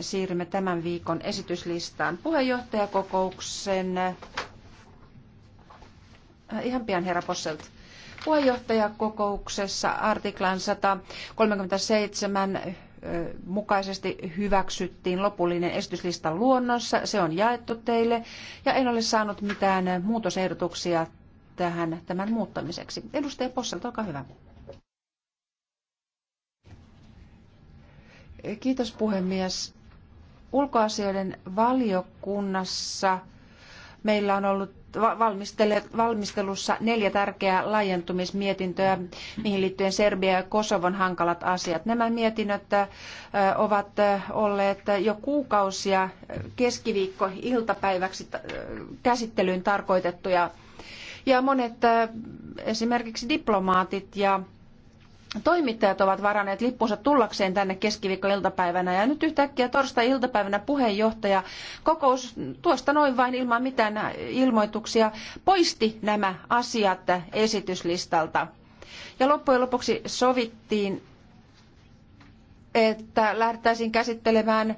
siirrymme tämän viikon esityslistaan puheenjohtajakokouksen. Ihan pian herra Posselt. Puheenjohtajakokouksessa artiklan 137 mukaisesti hyväksyttiin lopullinen esityslistan luonnossa. Se on jaettu teille ja en ole saanut mitään muutosehdotuksia tähän tämän muuttamiseksi. Edustaja Posselt, olkaa hyvä. Kiitos puhemies. Ulkoasioiden valiokunnassa meillä on ollut valmistelussa neljä tärkeää laajentumismietintöä, mihin liittyen Serbia ja Kosovon hankalat asiat. Nämä mietinnöt ovat olleet jo kuukausia keskiviikko-iltapäiväksi käsittelyyn tarkoitettuja. Ja monet esimerkiksi diplomaatit ja toimittajat ovat varanneet lippunsa tullakseen tänne keskiviikkoiltapäivänä ja nyt yhtäkkiä torstai-iltapäivänä puheenjohtaja kokous tuosta noin vain ilman mitään ilmoituksia poisti nämä asiat esityslistalta. Ja loppujen lopuksi sovittiin, että lähdettäisiin käsittelemään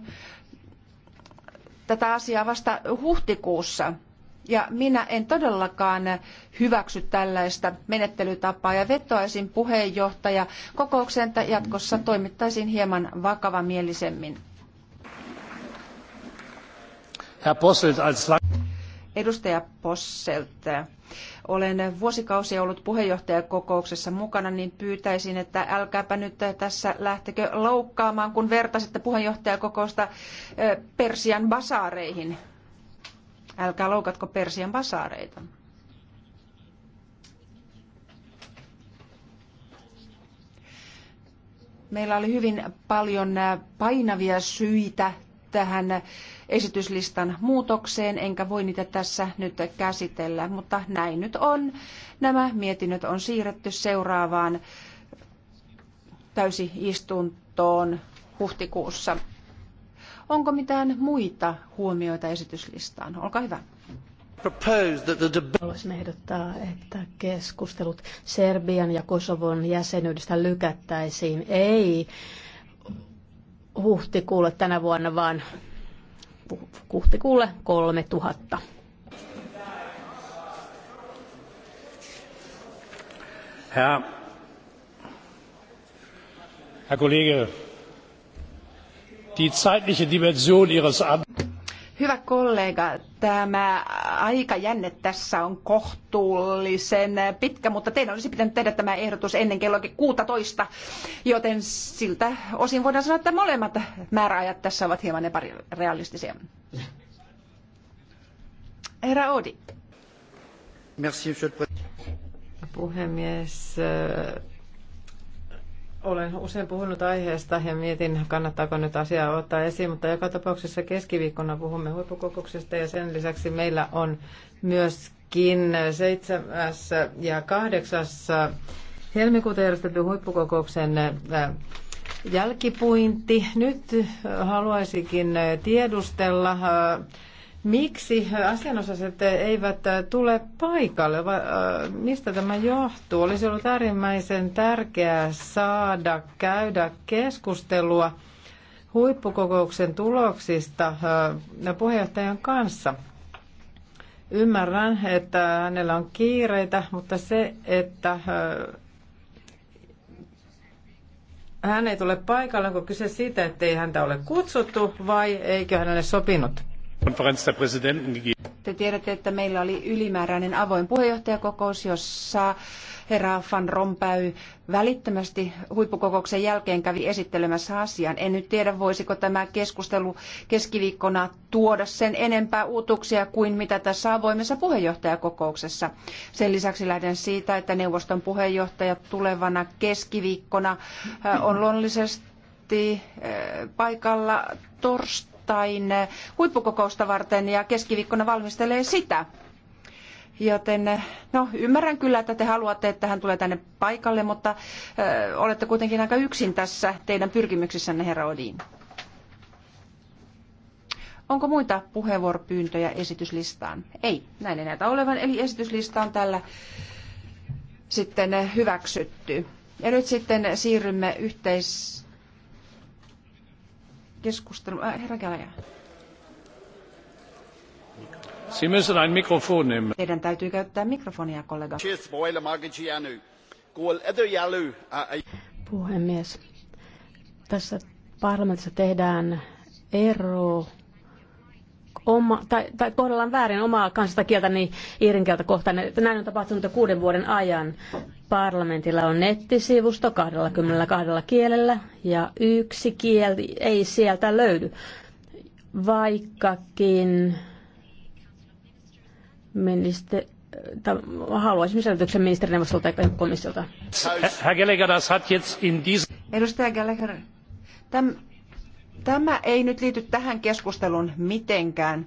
tätä asiaa vasta huhtikuussa – ja minä en todellakaan hyväksy tällaista menettelytapaa ja vetoaisin puheenjohtaja kokoukseen, että jatkossa toimittaisiin hieman vakavamielisemmin. Herr Posselt, als Edustaja Posselt, olen vuosikausia ollut puheenjohtajakokouksessa mukana, niin pyytäisin, että älkääpä nyt tässä lähtekö loukkaamaan, kun vertasitte puheenjohtajakokousta eh, Persian basaareihin. Älkää loukatko Persian basaareita. Meillä oli hyvin paljon painavia syitä tähän esityslistan muutokseen, enkä voi niitä tässä nyt käsitellä, mutta näin nyt on. Nämä mietinnöt on siirretty seuraavaan istuntoon huhtikuussa. Onko mitään muita huomioita esityslistaan? Olkaa hyvä. Haluaisin ehdottaa, että keskustelut Serbian ja Kosovon jäsenyydestä lykättäisiin. Ei huhtikuulle tänä vuonna, vaan huhtikuulle 3000. Herr, Herr Kollege, die zeitliche Dimension ihres Hyvä kollega, tämä aikajänne tässä on kohtuullisen pitkä, mutta teidän olisi pitänyt tehdä tämä ehdotus ennen kello 16, joten siltä osin voidaan sanoa, että molemmat määräajat tässä ovat hieman epärealistisia. Herra Odi. Merci, puhemies olen usein puhunut aiheesta ja mietin, kannattaako nyt asiaa ottaa esiin, mutta joka tapauksessa keskiviikkona puhumme huippukokouksesta ja sen lisäksi meillä on myöskin 7. ja 8. helmikuuta järjestetty huippukokouksen äh, jälkipuinti. Nyt haluaisikin tiedustella äh, Miksi asianosaiset eivät tule paikalle? Äh, mistä tämä johtuu? Olisi ollut äärimmäisen tärkeää saada käydä keskustelua huippukokouksen tuloksista äh, puheenjohtajan kanssa. Ymmärrän, että hänellä on kiireitä, mutta se, että äh, hän ei tule paikalle, onko kyse siitä, ettei häntä ole kutsuttu vai eikö hänelle sopinut? Te tiedätte, että meillä oli ylimääräinen avoin puheenjohtajakokous, jossa herra Van Rompuy välittömästi huippukokouksen jälkeen kävi esittelemässä asian. En nyt tiedä, voisiko tämä keskustelu keskiviikkona tuoda sen enempää uutuksia kuin mitä tässä avoimessa puheenjohtajakokouksessa. Sen lisäksi lähden siitä, että neuvoston puheenjohtaja tulevana keskiviikkona äh, on luonnollisesti äh, paikalla torstaina jotain huippukokousta varten ja keskiviikkona valmistelee sitä. Joten no, ymmärrän kyllä, että te haluatte, että hän tulee tänne paikalle, mutta ö, olette kuitenkin aika yksin tässä teidän pyrkimyksissänne, herra Odin. Onko muita puheenvuoropyyntöjä esityslistaan? Ei, näin ei näitä olevan. Eli esityslista on tällä sitten hyväksytty. Ja nyt sitten siirrymme yhteis keskustelu. Äh, herra Käläjä. Sie müssen ein Mikrofon nehmen. Teidän täytyy käyttää mikrofonia, kollega. Puhemies, tässä parlamentissa tehdään ero oma, tai, tai kohdellaan väärin omaa kansasta kieltä niin iirin kieltä kohtaan. Näin on tapahtunut jo kuuden vuoden ajan. Parlamentilla on nettisivusto 22 kielellä ja yksi kieli ei sieltä löydy, vaikkakin ministeri, haluaisin selityksen ministerineuvostolta ja komissiolta. Edustaja Gallagher, täm, tämä ei nyt liity tähän keskusteluun mitenkään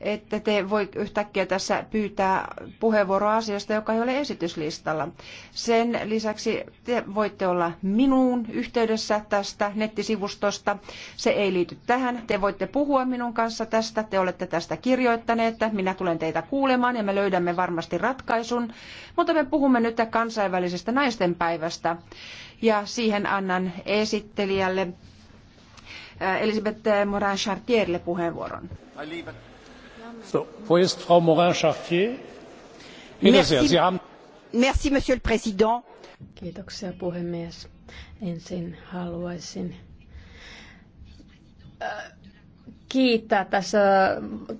että te voi yhtäkkiä tässä pyytää puheenvuoroa asiasta, joka ei ole esityslistalla. Sen lisäksi te voitte olla minuun yhteydessä tästä nettisivustosta. Se ei liity tähän. Te voitte puhua minun kanssa tästä. Te olette tästä kirjoittaneet. Minä tulen teitä kuulemaan ja me löydämme varmasti ratkaisun. Mutta me puhumme nyt kansainvälisestä naistenpäivästä ja siihen annan esittelijälle äh, Elisabeth Moran-Chartierille puheenvuoron monsieur le président kiitoksia puhemies ensin haluaisin äh, kiittää tässä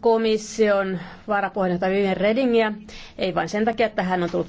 komission varapuheenjohtaja viviane Redingiä, ei vain sen takia, että hän on tullut paikalle vaan myös että hän on